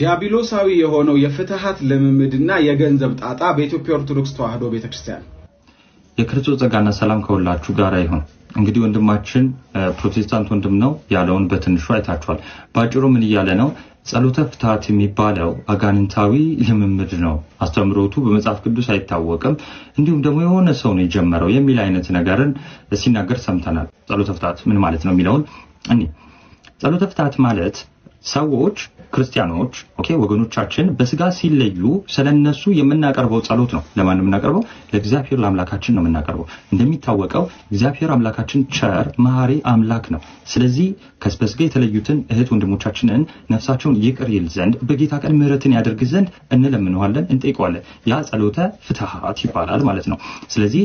ዲያብሎሳዊ የሆነው የፍትሃት ልምምድና የገንዘብ ጣጣ በኢትዮጵያ ኦርቶዶክስ ተዋሕዶ ቤተክርስቲያን። የክርስቶስ ጸጋና ሰላም ከሁላችሁ ጋር ይሁን። እንግዲህ ወንድማችን ፕሮቴስታንት ወንድም ነው ያለውን በትንሹ አይታችኋል። በአጭሩ ምን እያለ ነው? ጸሎተ ፍትሃት የሚባለው አጋንንታዊ ልምምድ ነው። አስተምሮቱ በመጽሐፍ ቅዱስ አይታወቅም፣ እንዲሁም ደግሞ የሆነ ሰው ነው የጀመረው የሚል አይነት ነገርን ሲናገር ሰምተናል። ጸሎተ ፍትሃት ምን ማለት ነው የሚለውን እኔ ጸሎተ ፍትሃት ማለት ሰዎች ክርስቲያኖች ኦኬ ወገኖቻችን በስጋ ሲለዩ ስለነሱ የምናቀርበው ጸሎት ነው። ለማን የምናቀርበው? ለእግዚአብሔር ለአምላካችን ነው የምናቀርበው። እንደሚታወቀው እግዚአብሔር አምላካችን ቸር መሐሪ አምላክ ነው። ስለዚህ በስጋ የተለዩትን እህት ወንድሞቻችንን ነፍሳቸውን ይቅር ይል ዘንድ በጌታ ቀን ምሕረትን ያደርግ ዘንድ እንለምነዋለን፣ እንጠይቀዋለን። ያ ጸሎተ ፍትሃት ይባላል ማለት ነው። ስለዚህ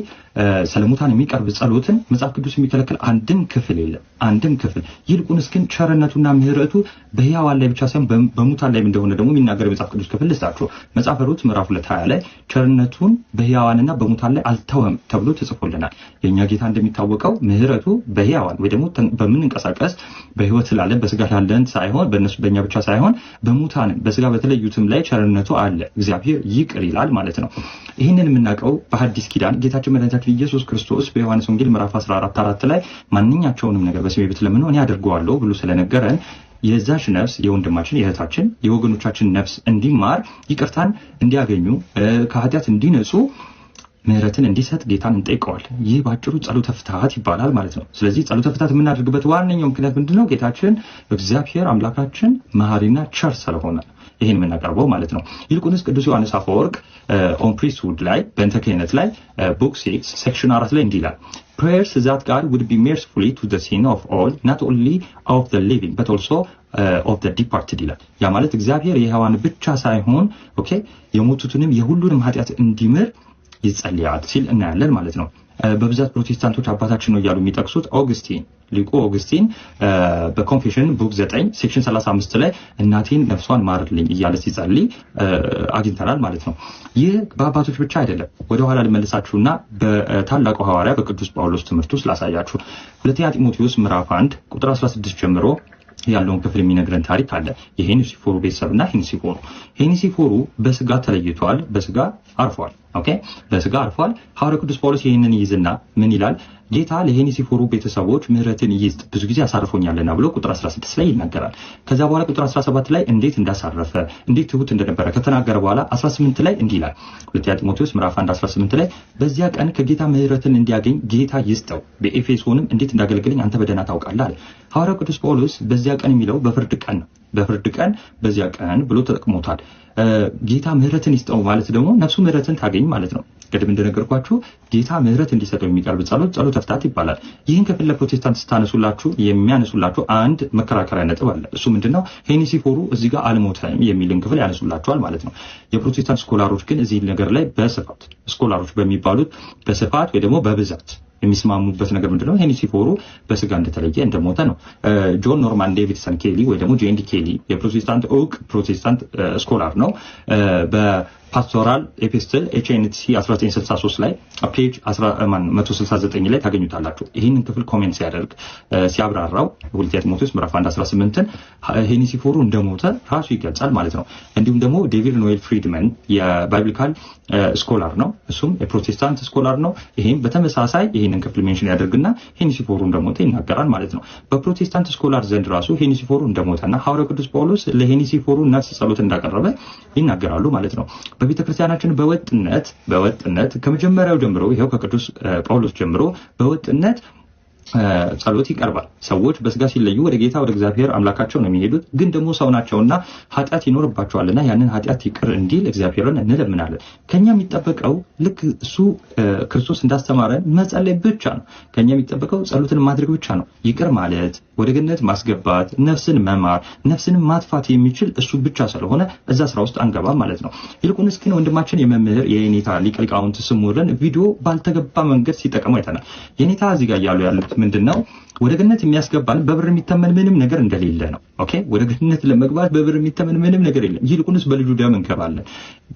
ሰለሙታን የሚቀርብ ጸሎትን መጽሐፍ ቅዱስ የሚከለክል አንድም ክፍል የለም፣ አንድም ክፍል ይልቁንስ ግን ቸርነቱና ምሕረቱ በሕያዋን ላይ ብቻ ሳይሆን በሙታን ላይም እንደሆነ ደግሞ የሚናገር የመጽሐፍ ቅዱስ ክፍል ልስጣችሁ። መጽሐፈ ሩት ምዕራፍ ሁለት ሀያ ላይ ቸርነቱን በሕያዋንና በሙታን ላይ አልተወም ተብሎ ተጽፎልናል። የእኛ ጌታ እንደሚታወቀው ምህረቱ በህያዋን ወይ ደግሞ በምንንቀሳቀስ በህይወት ስላለን በስጋ ላለን ሳይሆን በእነሱ በእኛ ብቻ ሳይሆን በሙታንም በስጋ በተለዩትም ላይ ቸርነቱ አለ። እግዚአብሔር ይቅር ይላል ማለት ነው። ይህንን የምናውቀው በሐዲስ ኪዳን ጌታችን መድኃኒታችን ኢየሱስ ክርስቶስ በዮሐንስ ወንጌል ምዕራፍ 14 ላይ ማንኛቸውንም ነገር በስሜ ብትለምኑ እኔ አደርገዋለሁ ብሎ ስለነገረን የዛች ነፍስ የወንድማችን የእህታችን የወገኖቻችን ነፍስ እንዲማር ይቅርታን እንዲያገኙ ከኃጢአት እንዲነጹ ምህረትን እንዲሰጥ ጌታን እንጠይቀዋል ይህ በአጭሩ ጸሎተ ፍትሐት ይባላል ማለት ነው። ስለዚህ ጸሎተ ፍትሐት የምናደርግበት ዋነኛው ምክንያት ምንድነው? ጌታችን እግዚአብሔር አምላካችን መሐሪና ቸር ስለሆነ ይህን የምናቀርበው ማለት ነው። ይልቁንስ ቅዱስ ዮሐንስ አፈወርቅ ኦን ፕሪስትሁድ ላይ በእንተ ክህነት ላይ ቡክ ሴክስ ሴክሽን አራት ላይ እንዲህ ይላል prayers that God would be mercifully to the sin of all not only of the living but also of the departed ይላል። ያ ማለት እግዚአብሔር የሕያዋን ብቻ ሳይሆን ኦኬ የሞቱትንም የሁሉንም ኃጢአት እንዲምር ይጸልያል ሲል እናያለን ማለት ነው። በብዛት ፕሮቴስታንቶች አባታችን ነው እያሉ የሚጠቅሱት ኦግስቲን ሊቁ ኦግስቲን በኮንፌሽን ቡክ 9 ሴክሽን 35 ላይ እናቴን ነፍሷን ማርልኝ እያለ ሲጸልይ አግኝተናል ማለት ነው። ይህ በአባቶች ብቻ አይደለም። ወደኋላ ልመልሳችሁና በታላቁ ሐዋርያ በቅዱስ ጳውሎስ ትምህርት ውስጥ ላሳያችሁ። ሁለተኛ ጢሞቴዎስ ምዕራፍ 1 ቁጥር 16 ጀምሮ ያለውን ክፍል የሚነግረን ታሪክ አለ። የሄኒሲፎሩ ቤተሰብና ሄኒሲፎሩ ሄኒሲፎሩ በስጋ ተለይቷል፣ በስጋ አርፏል። ኦኬ በስጋ አርፏል። ሐዋርያው ቅዱስ ጳውሎስ ይህንን ይይዝና ምን ይላል? ጌታ ለሄኔሲፎሩ ቤተሰቦች ምህረትን ይስጥ ብዙ ጊዜ አሳርፎኛልና ብሎ ቁጥር 16 ላይ ይናገራል። ከዛ በኋላ ቁጥር 17 ላይ እንዴት እንዳሳረፈ እንዴት ትሁት እንደነበረ ከተናገረ በኋላ 18 ላይ እንዲህ ይላል። ሁለተኛ ጢሞቴዎስ ምዕራፍ 1 18 ላይ በዚያ ቀን ከጌታ ምህረትን እንዲያገኝ ጌታ ይስጠው፣ በኤፌሶንም እንዴት እንዳገለግለኝ አንተ በደህና ታውቃለህ አለ። ሐዋርያው ቅዱስ ጳውሎስ በዚያ ቀን የሚለው በፍርድ ቀን ነው። በፍርድ ቀን በዚያ ቀን ብሎ ተጠቅሞታል። ጌታ ምሕረትን ይስጠው ማለት ደግሞ ነፍሱ ምሕረትን ታገኝ ማለት ነው። ቅድም እንደነገርኳችሁ ጌታ ምሕረት እንዲሰጠው የሚቀርብ ጸሎት ጸሎተ ፍታት ይባላል። ይህን ከፊት ለፕሮቴስታንት ስታነሱላችሁ የሚያነሱላችሁ አንድ መከራከሪያ ነጥብ አለ። እሱ ምንድነው? ነው? ሄኒሲፎሩ እዚህ ጋር አልሞተም የሚልን ክፍል ያነሱላችኋል ማለት ነው። የፕሮቴስታንት ስኮላሮች ግን እዚህ ነገር ላይ በስፋት ስኮላሮች በሚባሉት በስፋት ወይ ደግሞ በብዛት የሚስማሙበት ነገር ምንድነው? ሄንሲ ፎሩ በስጋ እንደተለየ እንደሞተ ነው። ጆን ኖርማን ዴቪድሰን ኬሊ ወይ ደግሞ ጄንዲ ኬሊ የፕሮቴስታንት እውቅ ፕሮቴስታንት ስኮላር ነው። ፓስቶራል ኤፒስትል ኤችኤንቲ 1963 ላይ ፔጅ 169 ላይ ታገኙታላችሁ። ይህንን ክፍል ኮሜንት ሲያደርግ ሲያብራራው ሁለተኛ ጢሞቴዎስ ምዕራፍ 1 18ን ሄኒሲፎሩ እንደሞተ ራሱ ይገልጻል ማለት ነው። እንዲሁም ደግሞ ዴቪድ ኖኤል ፍሪድመን የባይብሊካል ስኮላር ነው። እሱም የፕሮቴስታንት ስኮላር ነው። ይህም በተመሳሳይ ይህንን ክፍል ሜንሽን ያደርግና ሄኒሲፎሩ እንደሞተ ይናገራል ማለት ነው። በፕሮቴስታንት ስኮላር ዘንድ ራሱ ሄኒሲፎሩ እና ሐዋርያው ቅዱስ ጳውሎስ ለሄኒሲፎሩ ነፍስ ጸሎት እንዳቀረበ ይናገራሉ ማለት ነው። በቤተ ክርስቲያናችን በወጥነት በወጥነት ከመጀመሪያው ጀምሮ ይኸው ከቅዱስ ጳውሎስ ጀምሮ በወጥነት ጸሎት ይቀርባል። ሰዎች በስጋ ሲለዩ ወደ ጌታ ወደ እግዚአብሔር አምላካቸው ነው የሚሄዱት። ግን ደግሞ ሰው ናቸውና ኃጢአት ይኖርባቸዋልና ያንን ኃጢአት ይቅር እንዲል እግዚአብሔርን እንለምናለን። ከኛ የሚጠበቀው ልክ እሱ ክርስቶስ እንዳስተማረን መጸለይ ብቻ ነው። ከኛ የሚጠበቀው ጸሎትን ማድረግ ብቻ ነው። ይቅር ማለት፣ ወደ ገነት ማስገባት፣ ነፍስን መማር፣ ነፍስን ማጥፋት የሚችል እሱ ብቻ ስለሆነ እዛ ስራ ውስጥ አንገባ ማለት ነው። ይልቁንስ ግን ወንድማችን የመምህር የኔታ ሊቀ ሊቃውንት ስሙርን ቪዲዮ ባልተገባ መንገድ ሲጠቀሙ አይተናል። የኔታ እዚህ ጋር እያሉ ያሉት ምንድን ነው? ወደ ገነት የሚያስገባን በብር የሚተመን ምንም ነገር እንደሌለ ነው። ኦኬ ወደ ገነት ለመግባት በብር የሚተመን ምንም ነገር የለም። ይልቁንስ በልጁ ደም እንገባለን።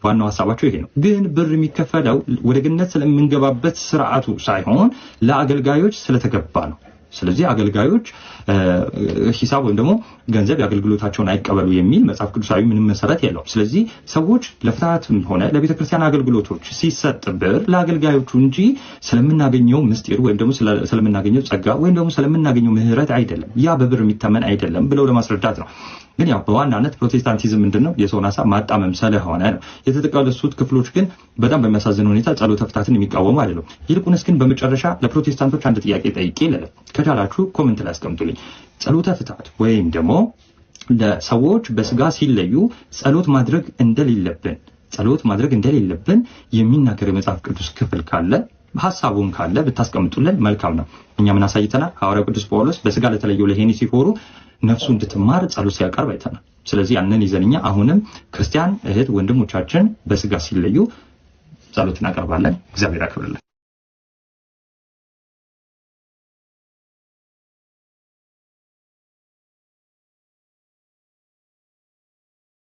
ዋናው ሀሳባቸው ይሄ ነው። ግን ብር የሚከፈለው ወደ ገነት ስለምንገባበት ስርዓቱ ሳይሆን ለአገልጋዮች ስለተገባ ነው። ስለዚህ አገልጋዮች ሂሳብ ወይም ደግሞ ገንዘብ የአገልግሎታቸውን አይቀበሉ የሚል መጽሐፍ ቅዱሳዊ ምንም መሰረት የለውም። ስለዚህ ሰዎች ለፍትሃትም ሆነ ለቤተክርስቲያን አገልግሎቶች ሲሰጥ ብር ለአገልጋዮቹ እንጂ ስለምናገኘው ምስጢር ወይም ደግሞ ስለምናገኘው ጸጋ ወይም ደግሞ ስለምናገኘው ምሕረት አይደለም። ያ በብር የሚተመን አይደለም ብለው ለማስረዳት ነው። ግን ያው በዋናነት ፕሮቴስታንቲዝም ምንድን ነው የሰውን ሀሳብ ማጣመም ስለሆነ ነው። የተጠቀሱት ክፍሎች ግን በጣም በሚያሳዝን ሁኔታ ጸሎተ ፍታትን የሚቃወሙ አይደለም። ይልቁንስ ግን በመጨረሻ ለፕሮቴስታንቶች አንድ ጥያቄ ጠይቄ ልለ ከቻላችሁ ኮመንት ላይ አስቀምጡልኝ። ጸሎተ ፍታት ወይም ደግሞ ለሰዎች በስጋ ሲለዩ ጸሎት ማድረግ እንደሌለብን ጸሎት ማድረግ እንደሌለብን የሚናገር የመጽሐፍ ቅዱስ ክፍል ካለ ሀሳቡም ካለ ብታስቀምጡልን መልካም ነው። እኛ ምን አሳይተናል? ሐዋርያ ቅዱስ ጳውሎስ በስጋ ለተለየው ለሄኒ ሲፎሩ ነፍሱ እንድትማር ጸሎት ሲያቀርብ አይተናል። ስለዚህ ያንን ይዘንኛ አሁንም ክርስቲያን እህት ወንድሞቻችን በስጋ ሲለዩ ጸሎት እናቀርባለን። እግዚአብሔር ያክብርልን።